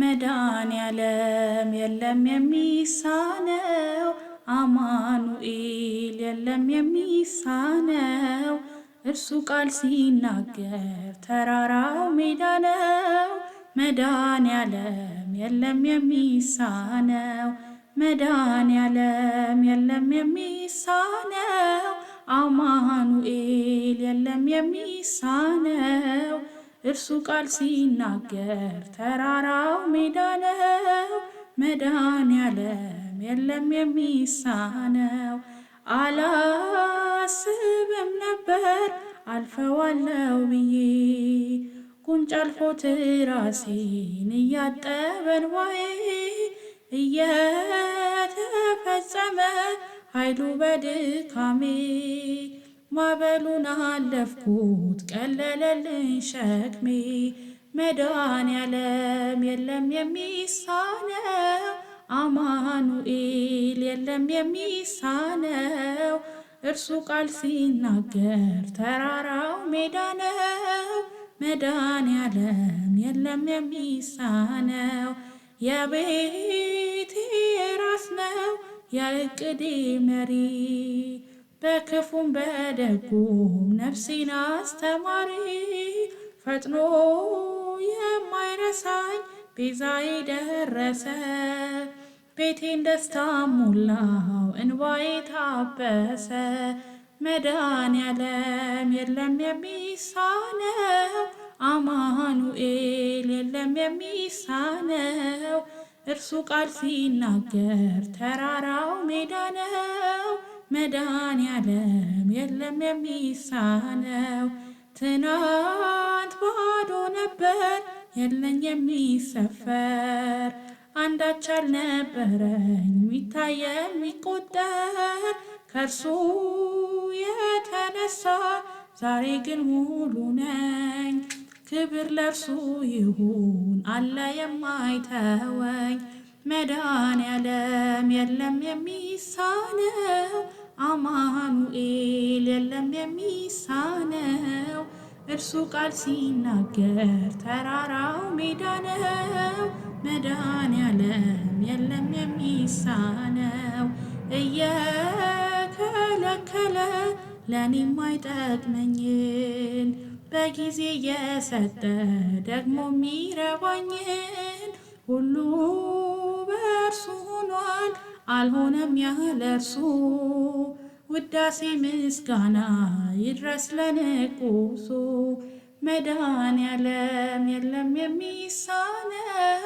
መዳን ያለም የለም የሚሳነው፣ አማኑኤል የለም የሚሳነው። እርሱ ቃል ሲናገር ተራራው ሜዳ ነው። ያለም የለም የሚሳነው፣ ያለም የለም የሚሳነው። አማኑኤል የለም የሚሳነው እርሱ ቃል ሲናገር ተራራው ሜዳ ነው። መዳን ያለም የለም የሚሳነው። አላስብም ነበር አልፈዋለው ብዬ ቁንጭ አልፎት ራሴን እያጠበን ዋዬ እየተፈጸመ ኃይሉ በድካሜ ማዕበሉን አለፍኩት ቀለለልኝ ሸክሜ ያለም የለም የሚሳነው አማኑኤል የለም የሚሳነው እርሱ ቃል ሲናገር ተራራው ሜዳ ነው። ያለም የለም የሚሳነው የቤቴ ራስ ነው የእቅዴ መሪ በክፉም በደጉም ነፍሴን አስተማሪ ፈጥኖ የማይረሳኝ ቤዛዬ ደረሰ። ቤቴን ደስታ ሞላው እንባዬ ታበሰ። መድኃኔዓለም የለም የሚሳነው፣ አማኑኤል የለም የሚሳነው። እርሱ ቃል ሲናገር ተራራው ሜዳ ነው። ያለም የለም የሚሳነው። ትናንት ባዶ ነበር የለኝ የሚሰፈር አንዳች አልነበረኝ ሚታየ የሚቆጠር ከእርሱ የተነሳ ዛሬ ግን ሙሉ ነኝ። ክብር ለእርሱ ይሁን አለ የማይተወኝ መዳን ያለም የለም የሚሳነው አማኑኤል የለም የሚሳነው እርሱ ቃል ሲናገር ተራራው ሜዳ ነው። መዳን ያለም የለም የሚሳነው እየከለከለ ለእኔም አይጠቅመኝን በጊዜ እየሰጠ ደግሞ የሚረባኝን ሁሉ እርሱ ሆኗል፣ አልሆነም ያህል እርሱ ውዳሴ ምስጋና ይድረስ ለንቁሱ መዳን ያለም የለም የሚሳነው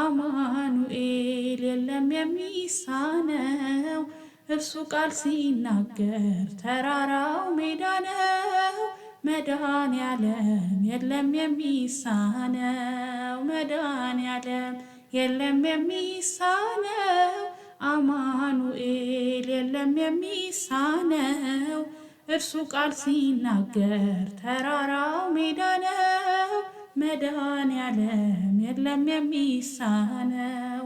አማኑኤል የለም የሚሳነው። እርሱ ቃል ሲናገር ተራራው ሜዳ ነው። መዳን ያለም የለም የሚሳነው መዳን ያለም የለም የሚሳነው አማኑኤል የለም የሚሳነው እርሱ ቃል ሲናገር ተራራው ሜዳ ነው። መድኃኔዓለም የለም የሚሳነው